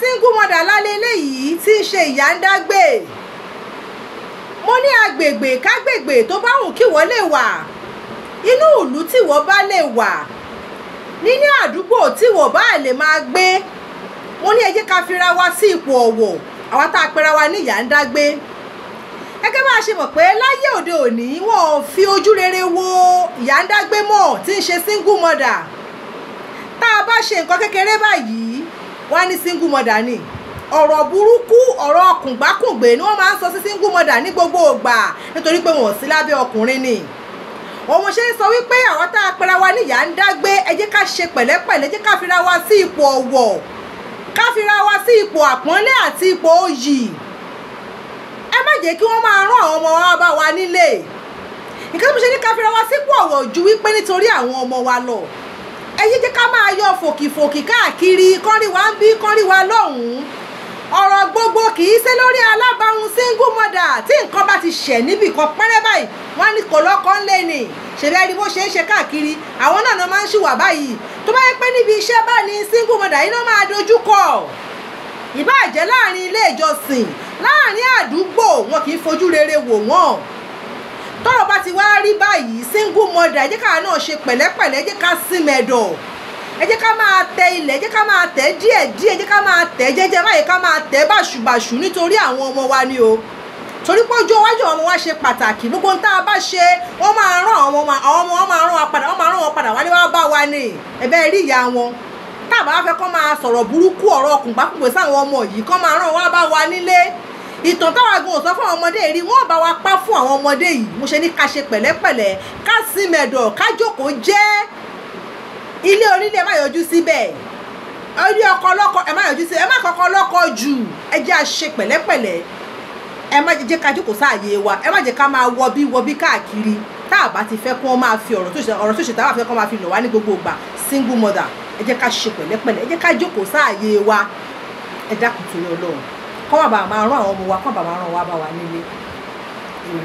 single mother lálẹ́ eléyìí tí ń ṣe ìyá ń dágbé mo ní agbègbè kágbègbè tó bá wù kí wọ́n lè wà inú ìlú tí wọ́n bá lè wà níní àdúgbò tí wọ́n bá lè máa gbé mo ní ẹ jẹ́ ká fira wa sí ipò ọ̀wọ̀ àwa tá a pera wa ní ìyá ń dágbé gẹ́gẹ́ bá a ṣe mọ̀ pé láyé òde òní wọ́n fi ojú rere wo ìyá ń dágbé mọ́ tí ń ṣe single mother tá a bá ṣe nǹkan kékeré báyìí wọ́n á ní single mother ni ọ̀rọ̀ burúkú ọ̀rọ̀ ọkùngbákùngbé ni wọ́n máa ń sọ sí single mother ní gbogbo ògbà nítorí pé wọn ò sí lábẹ́ ọkùnrin ni òun ṣe ń sọ wípé àwọn tá a pera wa níyà ń dágbé ẹ jẹ́ ká ṣe pẹ̀lẹ́pẹ̀lẹ́ jẹ́ ká fira wa sí ipò ọ̀wọ̀ ká fira wa sí ipò àpọ́nlé àti ipò òyì ẹ má jẹ́ kí wọ́n máa rán àwọn ọmọ wa bá wa nílé nǹkan tó ṣe ní ká fira wa sípò ọ̀wọ̀ ju wípé nítorí àwọn ọmọ wa lọ èyí jẹ́ ká máa yọ fòkìfòkì káàkiri kọ́rí wa ń bí kọ́rí wa lọ́hùn-ún ọ̀rọ̀ gbogbo kì í ṣe lórí alábàáhùn single mother tí nǹkan bá ti ṣẹ̀ níbì kan pẹ́rẹ́ báyìí wọ́n ní kò lọ́kọ́ ń lé ni ṣèlè ẹni bó ṣe ń ṣe káàkiri àwọn náà máa ń ṣìwà báyìí tó bá yẹ pé níbi iṣẹ́ bá ní single mother iná máa dojú kọ ìbáàjẹ́ láàrin ilé ìjọsìn láàrin àdúgbò wọn kì í fojú rere wò wọ́n tọ́rọ̀ bá ti wá rí báyìí single mother ẹ jẹ́ káwa náà ṣe pẹ̀lẹ́pẹ̀lẹ́ ẹ jẹ́ ká símẹ̀dọ̀ ẹ jẹ́ ká máa tẹ ilẹ̀ ẹ jẹ́ ká máa tẹ díẹ̀ díẹ̀ ẹ jẹ́ ká máa tẹ jẹ́jẹ́ báyìí ká máa tẹ bàṣùbàṣù nítorí àwọn ọmọ wa ni o torí pé ojú iwájú àwọn ọmọ wa ṣe pàtàkì gbogbo tá a bá ṣe wọ́n máa rán àwọn ọmọ àwọn ọmọ wọn máa rán wa padà wọ́n máa rán wọn padà wálé wá bá wa ni ẹ̀bẹ́ rí ìyá wọn tá a bá fẹ́ kọ́ máa sọ̀rọ̀ burúkú ọ̀rọ̀ ọkùnkpákùnkùn sáwọn ọmọ yìí kọ́ máa rán wa bá wa nílé ìtàn táwọn agun ò sọ fún àwọn ọmọdé rí wọn bá wa pa fún àwọn ọmọdé yìí mo ṣe ní ká ṣe pẹ̀lẹ́pẹ̀lẹ́ ká sí mẹ̀dọ̀ ká jókòó jẹ́ ilé onílé má yọjú síbẹ̀ orí ọkọ ọlọ́kọ ẹ má yọjú síbẹ̀ ẹ má kọ́kọ́ ọlọ́kọ jù ẹ jẹ́ à ṣe pẹ̀lẹ́pẹ̀lẹ́ ẹ má jẹ́ ká jókòó sáàyè wa ẹ má jẹ́ ká máa wọbí wọbí káàkiri tá a bá ti fẹ́ kí wọ́n máa fi ọ̀rọ̀ tó ṣe ọ̀rọ̀ tó ṣe tá a bá single mother ẹ jẹ́ ká ṣe pẹ̀lẹ́pẹ̀lẹ́ ẹ jẹ́ ká jókòó sáàyè wa kọ́ bàbá máa rán àwọn ọmọ wa kọ́ bàbá máa rán wa bá wa nílé.